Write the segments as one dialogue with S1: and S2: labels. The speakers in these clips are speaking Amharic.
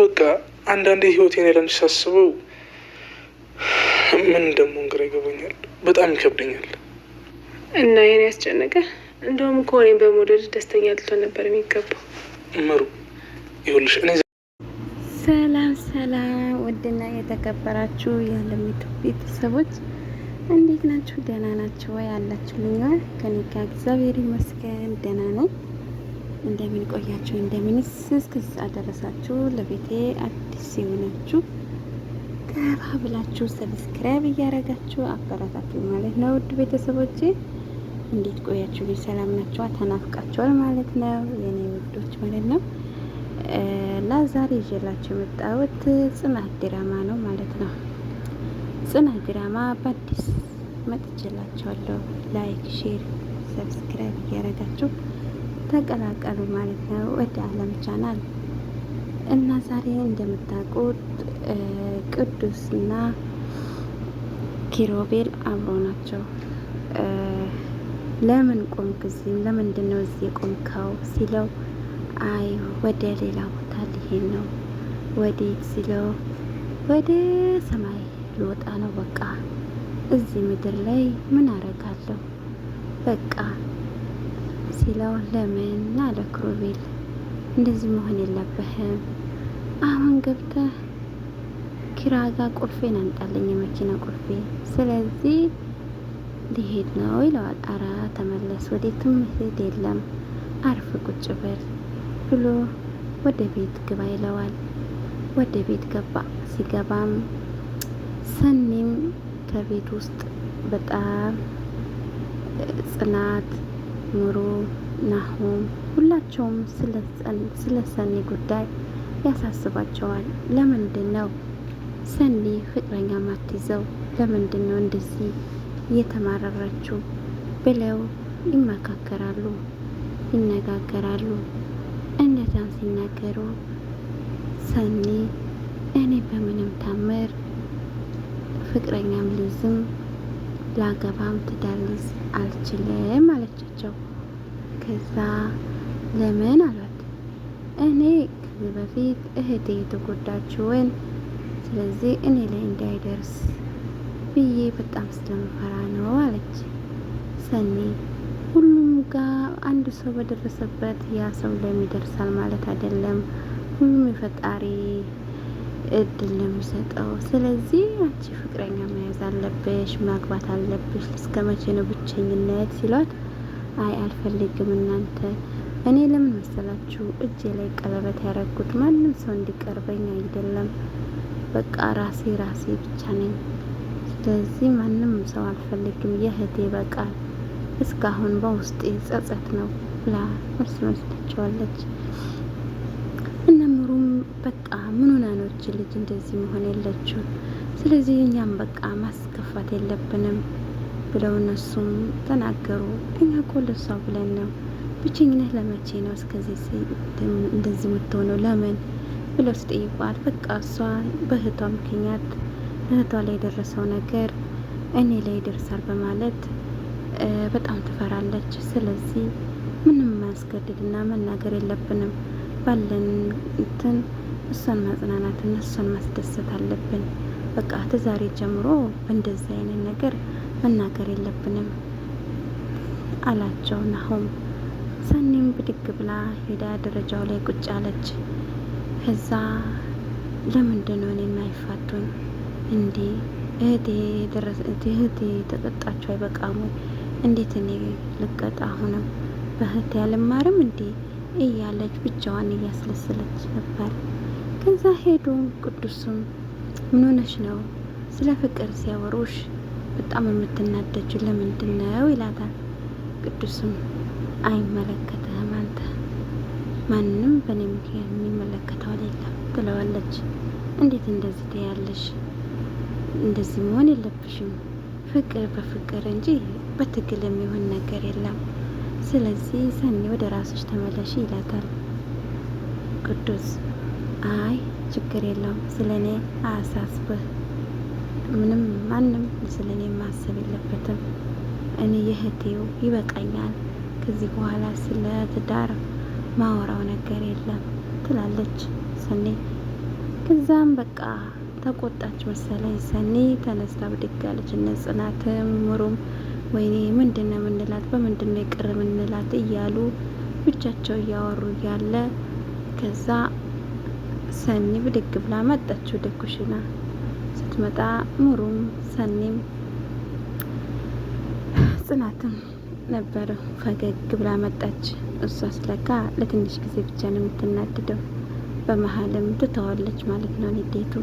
S1: በቃ አንዳንዴ ህይወቴን ያለን ሳስበው ምን ደግሞ እንግራ ይገባኛል፣ በጣም ይከብደኛል።
S2: እና ይሄን ያስጨነቀ እንደውም ከሆኔ በመውደድ ደስተኛ ልትሆን ነበር የሚገባው።
S1: ምሩ ይሁልሽ። እኔ
S2: ሰላም ሰላም፣ ውድና የተከበራችሁ የለሚቱ ቤተሰቦች እንዴት ናችሁ? ደህና ናችሁ ወይ? አላችሁ ልኛ ከኔ ጋ እግዚአብሔር ይመስገን ደህና ነኝ። እንደምን ቆያችሁ? እንደምንስ እስከዛ አደረሳችሁ። ለቤቴ አዲስ የሆናችሁ ገባ ብላችሁ ሰብስክራይብ እያደረጋችሁ አበረታችሁ ማለት ነው። ውድ ቤተሰቦቼ እንዴት ቆያችሁ? ሰላም ናችኋ? ተናፍቃችኋል ማለት ነው የኔ ውዶች ማለት ነው። እና ዛሬ ይዤላችሁ የመጣሁት ጽናት ድራማ ነው ማለት ነው። ጽናት ድራማ በአዲስ መጥቼላችኋለሁ። ላይክ፣ ሼር፣ ሰብስክራይብ እያደረጋችሁ ተቀላቀሉ ማለት ነው ወደ አለም ቻናል እና ዛሬ እንደምታውቁት ቅዱስና ኪሮቤል አብሮ ናቸው። ለምን ቆምክ እዚህ? ለምንድን ነው እዚህ ቆምከው? ሲለው አይ ወደ ሌላ ቦታ ሊሄድ ነው። ወዴት ሲለው ወደ ሰማይ ልወጣ ነው። በቃ እዚህ ምድር ላይ ምን አረጋለሁ? በቃ ሲለው ለምን አለ ክሩቤል። እንደዚህ መሆን የለብህም አሁን ገብተህ ኪራጋ ቁልፌን አምጣልኝ የመኪና ቁልፌ፣ ስለዚህ ሊሄድ ነው ይለዋል። አራ ተመለስ፣ ወዴትም መሄድ የለም አርፍ ቁጭ በል ብሎ ወደ ቤት ግባ ይለዋል። ወደ ቤት ገባ። ሲገባም ሰኒም ከቤት ውስጥ በጣም ጽናት ኑሮ፣ ናሆም ሁላቸውም ስለ ሰኒ ጉዳይ ያሳስባቸዋል። ለምንድን ነው ሰኒ ፍቅረኛ ማትይዘው? ለምንድን ነው እንደዚህ እየተማረረችው? ብለው ይመካከራሉ፣ ይነጋገራሉ። እነዛን ሲናገሩ ሰኒ እኔ በምንም ታምር ፍቅረኛም ልዝም ላገባም ትዳር አልችልም አለቻቸው። ከዛ ለምን አሏት። እኔ ከዚህ በፊት እህቴ የተጎዳችውን ስለዚህ እኔ ላይ እንዳይደርስ ብዬ በጣም ስለምፈራ ነው አለች ሰኔ ሁሉም ጋር አንድ ሰው በደረሰበት ያ ሰው ለሚደርሳል ማለት አይደለም። ሁሉም የፈጣሪ እድል ነው የሚሰጠው። ስለዚህ አንቺ ፍቅረኛ መያዝ አለብሽ፣ ማግባት አለብሽ። እስከ መቼ ነው ብቸኝነት ሲሏት አይ አልፈልግም እናንተ እኔ ለምን መሰላችሁ እጄ ላይ ቀለበት ያደረጉት ማንም ሰው እንዲቀርበኝ አይደለም። በቃ ራሴ ራሴ ብቻ ነኝ። ስለዚህ ማንም ሰው አልፈልግም። የእህቴ በቃል እስካሁን በውስጤ ጸጸት ነው ብላ መስመስታቸዋለች። በቃ ምን ነው ልጅ እንደዚህ መሆን የለችው። ስለዚህ እኛም በቃ ማስከፋት የለብንም ብለው እነሱም ተናገሩ። እኛ እኮ ለሷ ብለን ነው ብቸኝነት ለመቼ ነው እስከዚህ እንደዚህ የምትሆነው ለምን ብለው ስጠይቋል። በቃ እሷ በእህቷ ምክንያት እህቷ ላይ የደረሰው ነገር እኔ ላይ ይደርሳል በማለት በጣም ትፈራለች። ስለዚህ ምንም ማስገድድና መናገር የለብንም ባለን እንትን እሷን እና እሷን ማስደሰት አለብን። በቃ ተዛሬ ጀምሮ እንደዚህ አይነት ነገር መናገር የለብንም አላቸው ናሆም። ሰኒም ብድግ ብላ ሄዳ ደረጃው ላይ ቁጭ አለች። ከዛ ለምንድን ነው እኔ አይፋቱኝ እንዴ? እህቴ እህቴ ተቀጣችሁ እንዴት እኔ ልቀጣ? አሁንም በእህቴ አልማርም እንዴ? እያለች ብቻዋን እያስለሰለች ነበር። ከዛ ሄዱ። ቅዱስም ምን ሆነሽ ነው? ስለ ፍቅር ሲያወሩሽ በጣም የምትናደጁ ለምንድን ነው ይላታል። ቅዱስም አይመለከትህም አንተ፣ ማንም በእኔ ምክንያት የሚመለከተው የለም ትለዋለች። እንዴት እንደዚህ ትያለሽ? እንደዚህ መሆን የለብሽም። ፍቅር በፍቅር እንጂ በትግል የሚሆን ነገር የለም። ስለዚህ ሰኔ ወደ ራስሽ ተመለሽ ይላታል ቅዱስ አይ ችግር የለውም ስለ እኔ አያሳስብህ፣ ምንም ማንም ስለ እኔ ማሰብ የለበትም። እኔ የህቴው ይበቃኛል። ከዚህ በኋላ ስለ ትዳር ማወራው ነገር የለም ትላለች ሰኔ። ከዛም በቃ ተቆጣች መሰለኝ ሰኔ ተነስታ ብድጋለች። እነ ጽናትም ምሩም ወይኔ ምንድን ነው የምንላት በምንድን ነው የምንላት እያሉ ብቻቸው እያወሩ እያለ ከዛ ሰኒ ብድግ ብላ መጣች ወደ ኩሽና። ስትመጣ ሙሩም ሰኒም ጽናትም ነበር ፈገግ ብላ መጣች። እሷ ስለካ ለትንሽ ጊዜ ብቻ ነው የምትናድደው፣ በመሀልም ትተዋለች ማለት ነው ንዴቱ።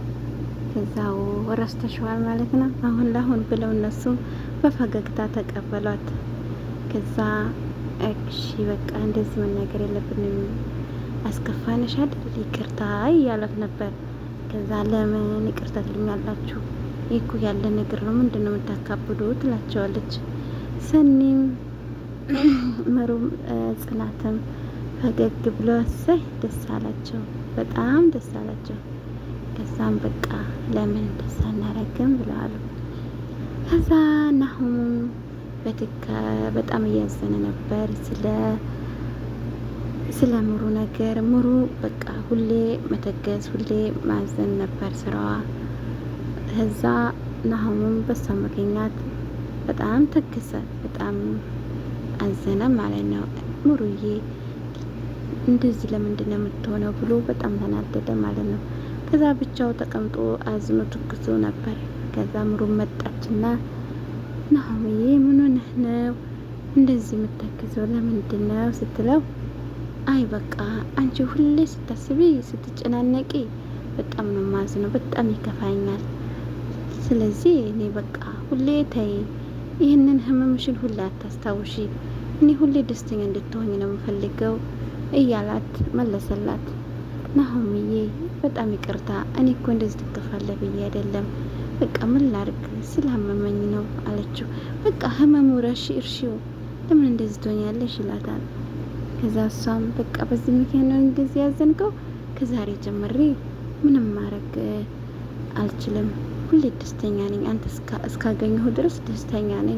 S2: ከዛው ወረስተሸዋል ማለት ነው አሁን ለአሁን ብለው እነሱ በፈገግታ ተቀበሏት። ከዛ እሺ በቃ እንደዚህ መናገር የለብንም አስከፋንሽ አይደል ይቅርታ እያለት ነበር። ከዛ ለምን ይቅርታ ትሉኛላችሁ? ይህ እኮ ያለ ነገር ነው፣ ምንድን ነው የምታካብዱ? ትላቸዋለች። ሰኒም ምሩም ጽናትም ፈገግ ብሎ እሰይ ደስ አላቸው፣ በጣም ደስ አላቸው። ከዛም በቃ ለምን ደስ አናረግም ብለዋል። ከዛ ናሁሙም በጣም እያዘነ ነበር ስለ ስለ ምሩ ነገር ምሩ በቃ ሁሌ መተገዝ ሁሌ ማዘን ነበር ስራዋ። ከዛ ናሆምም በሷ ምክንያት በጣም ተከሰ፣ በጣም አዘነ ማለት ነው። ምሩዬ እንደዚህ ለምንድን ነው የምትሆነው ብሎ በጣም ተናደደ ማለት ነው። ከዛ ብቻው ተቀምጦ አዝኖ ትክዞ ነበር። ከዛ ምሩ መጣችና ናሆምዬ ምን ሆነህ ነው እንደዚህ የምተክዘው ለምንድን ነው ስትለው አይ በቃ አንቺ ሁሌ ስታስቢ ስትጨናነቂ በጣም ነው ማዝነው፣ በጣም ይከፋኛል። ስለዚህ እኔ በቃ ሁሌ ተይ፣ ይህንን ህመምሽን ሁሌ አታስታውሺ፣ እኔ ሁሌ ደስተኛ እንድትሆኝ ነው የምፈልገው እያላት መለሰላት። ናሆምዬ በጣም ይቅርታ፣ እኔ እኮ እንደዚህ ትከፋለ ብዬ አይደለም በቃ ምን ላርግ ስላመመኝ ነው አለችው። በቃ ህመሙ ረሺ እርሺው፣ ለምን እንደዚህ ትሆኛለሽ ይላታል። ከዛ እሷም በቃ በዚህ ምክንያት ነው እንደዚህ ያዘንከው፣ ከዛሬ ጀምሬ ምንም ማድረግ አልችልም፣ ሁሌ ደስተኛ ነኝ፣ አንተ እስካገኘሁ ድረስ ደስተኛ ነኝ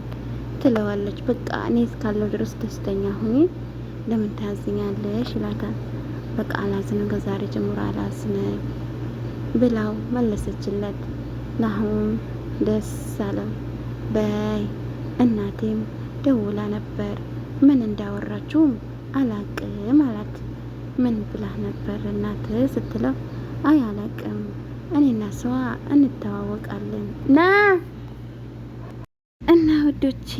S2: ትለዋለች። በቃ እኔ እስካለሁ ድረስ ደስተኛ ሁኔ ለምን ታዝኛለሽ ይላታል። በቃ አላዝንም፣ ከዛሬ ጀምሮ አላዝንም ብላው መለሰችለት። ናሁም ደስ አለው። በይ እናቴም ደውላ ነበር ምን እንዳወራችሁም አላቅም አላት። ምን ብላህ ነበር እናት ስትለው አይ አላቅም፣ እኔና ሰዋ እንተዋወቃለን ና እና ውዶቼ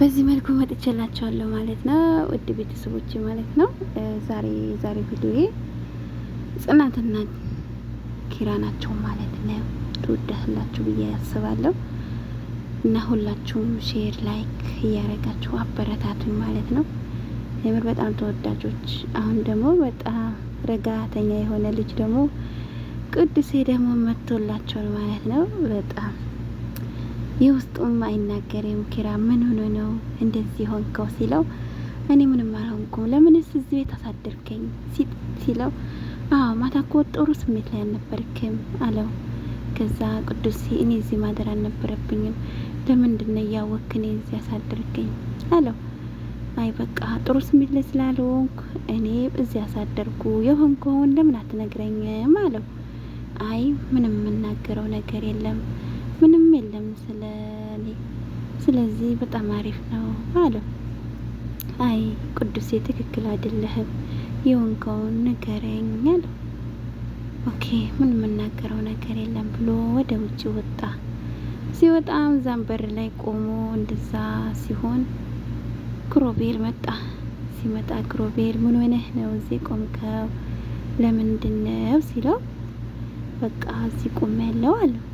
S2: በዚህ መልኩ መጥቼላችኋለሁ ማለት ነው፣ ውድ ቤተሰቦቼ ማለት ነው። ዛሬ ዛሬ ቪዲዮ ጽናትና ኪራ ናቸው ማለት ነው። ትወዳላችሁ ብዬ አስባለሁ። እና ሁላችሁም ሼር ላይክ እያረጋችሁ አበረታቱኝ ማለት ነው። የምር በጣም ተወዳጆች። አሁን ደግሞ በጣም ረጋተኛ የሆነ ልጅ ደግሞ ቅዱሴ ደግሞ መጥቶላቸዋል ማለት ነው። በጣም የውስጡም አይናገርም። ኪራ ምን ሆኖ ነው እንደዚህ ሆንከው ሲለው እኔ ምንም አልሆንኩም፣ ለምንስ እዚህ ቤት አሳደርከኝ ሲለው አዎ ማታ እኮ ጥሩ ስሜት ላይ አልነበርክም አለው። ከዛ ቅዱሴ እኔ እዚህ ማደር አልነበረብኝም ለምንድን ነው እያወክ እኔ እዚህ ያሳደርከኝ አለው። አይ በቃ ጥሩ ስሜት ላይ ስላልሆንኩ እኔ እዚህ ያሳደርኩ የሆንከውን ለምን አትነግረኝም አለው። አይ ምንም የምናገረው ነገር የለም ምንም የለም ስለ ስለዚህ በጣም አሪፍ ነው አለው። አይ ቅዱሴ ትክክል አይደለህም የሆንከውን ንገረኝ አለው። ኦኬ ምን የምናገረው ነገር የለም ብሎ ወደ ውጭ ወጣ። ሲወጣም ዘንበር ላይ ቆሞ እንደዛ ሲሆን ክሮቤል መጣ። ሲመጣ ክሮቤል ምን ሆነህ ነው እዚህ ቆምከው? ለምንድን ነው ሲለው በቃ እዚህ ቆም ያለው አለው